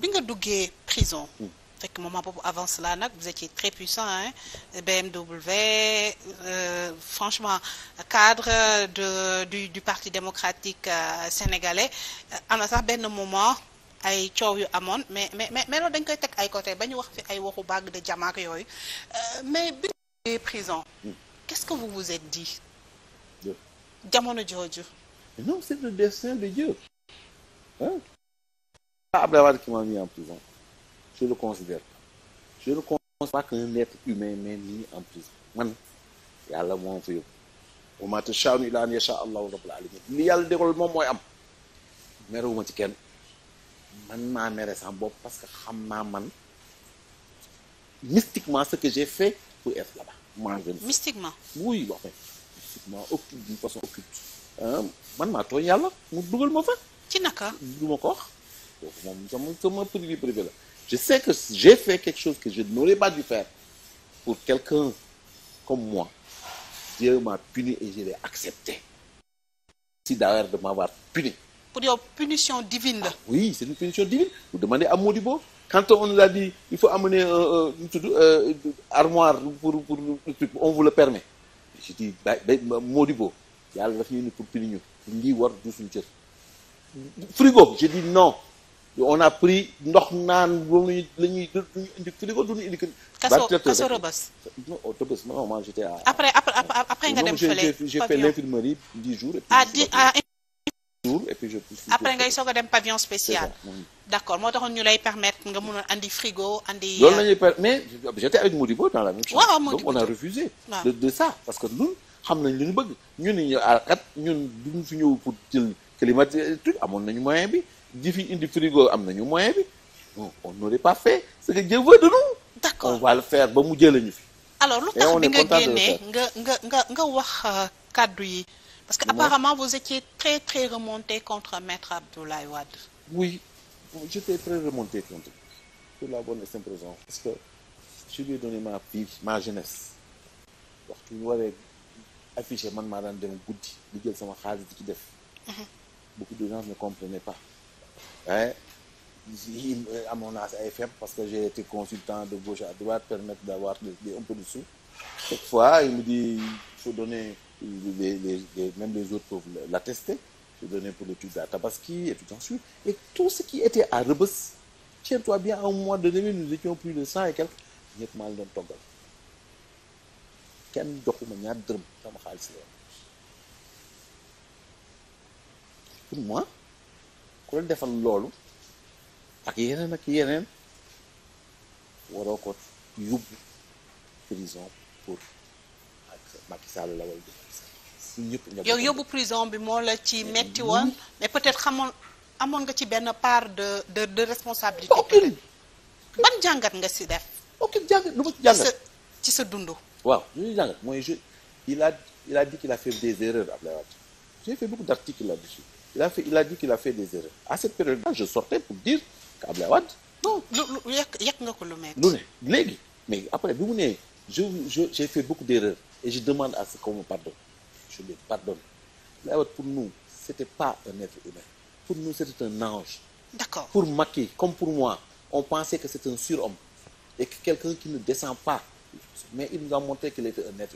bi nga duggee prison. Mm. fekk moment boobu avant cela nag vous étiez très puissant hein BMW euh, franchement cadre du du parti démocratique euh, sénégalais euh, am na sax benn moment ay coow yu amoon mais mais mais loolu dañ koy teg ay côté ba ñu wax fi ay waxu bague de jàmm yooyu euh, mais bi nga duggee prison. Mm. qu'est-ce que vous vous êtes dit. jamono jooju. Abdoulaye Wade qui m'a mis en prison, je ne le considère pas. Je ne considère pas qu'un être humain m'ait mis en prison. man yàlla moo fi yóbbu wa maa tashaa'uuna illaa an yashaa'a Allahu rabbul aalamiin li yàlla dégal moom mooy am merewuma ci kenn man maa mere sama bopp parce que xam naa man mystiquement ce que j'ai fait pour être là-bas. maa ngi mystiquement. oui wax mystiquement occulte d'une façon occulte man maa tooñ yàlla mu dugal ma fa. ci naka. du kooku moom sama sama privé privé la je sais que j'ai fait quelque chose que je n'aurais pas dû faire pour quelqu'un comme moi Dieu m'a puni et je l'ai accepté merci d'ailleurs de m'avoir puni pour yow punition divine la ah, oui c'est une punition divine vous demandez à Modibo quand on nous a dit il faut amener euh, euh, euh, armoire pour on vous le permet je dis Modibo ñu ni pour punir ñu frigo je dis non on a pris ndox naan boobu lañuy la ñuy duñu indi frigo duñu indi. kaso kaso Rebeuss non Rebeuss non man j'étais après après après nga dem fële. pavillon j'ai fait l'infirmerie dix jours. ah dix et puis je. après ngay soog a dem pavillon spécial. d'accord moo taxoon ñu lay permettre nga mun a andi frigo andi. loolu euh, la ñuy per mais j'étais avec Modibo dans la même chose. waaw Modibo donc on a refusé. de de ça parce que ñun xam nañ li ñu bëgg ñun ñu àll kat ñun duñu fi ñëw pour jël. climatique amoon nañu moyen bi ji fi indi frigo am nañu moyen bi non on n'aurait pas fait ce que Dieu veut de nous. d'accord on va le faire ba mu jëlee ñu fi. alors lu tax bi nga génnee nga wax euh, kàddu yi. parce que apparemment vous étiez très très remonté contre maître Abdoulaye Wade. oui j'étais très remonté contre parce que je lui ai donné ma vie jeunesse waxtu ñu waree affiché man maa daan dem guddi di jël sama xaalis di ci def. Mhm. beaucoup de gens ne comprenaient pas. Hein? Euh, à a âge parce que j'ai été consultant de gauche à droite, permettre d'avoir un peu de sous. Cette fois, il me dit il faut donner, les, les, les, même les autres peuvent l'attester, il faut donner pour l'étude à Tabaski et tout ensuite. Et tout ce qui était à Rebus, tiens-toi bien, à un moment donné, nous étions plus de 100 et quelques, ñëpp maa leen doon toggal kenn joxuma ñaar dërëm sama xaalis pour moi ku la defal loolu ak yeneen ak yeneen waroo ko yóbbu prison pour ak Macky Sall la wala ñëpp yow yóbbu prison bi moo la ci metti woon mais peut-être xamoon amoon nga ci benn part de de de responsabilité. aucune ban jàngat nga si def. aucune jàngat lu ma ci ci sa dund. waaw lu ñuy jàngat mooy je il a il a dit qu'il a fait des erreurs Abdoulaye Wade J'ai fait beaucoup d'articles là-dessus. Il a, fait, il a dit qu'il a fait des erreurs. À cette période je sortais pour dire qu'Ablaye Wade non lu yàq nga ko lu mais après bi mu ne je je j'ai fait beaucoup d'erreurs et je demande à ce qu'on me pardonne je le pardonne pour nous c'était pas un être humain pour nous c'était un ange. d'accord pour Macky comme pour moi on pensait que c'était un surhomme et que quelqu'un qui ne descend pas mais il nous a montré qu'il était un être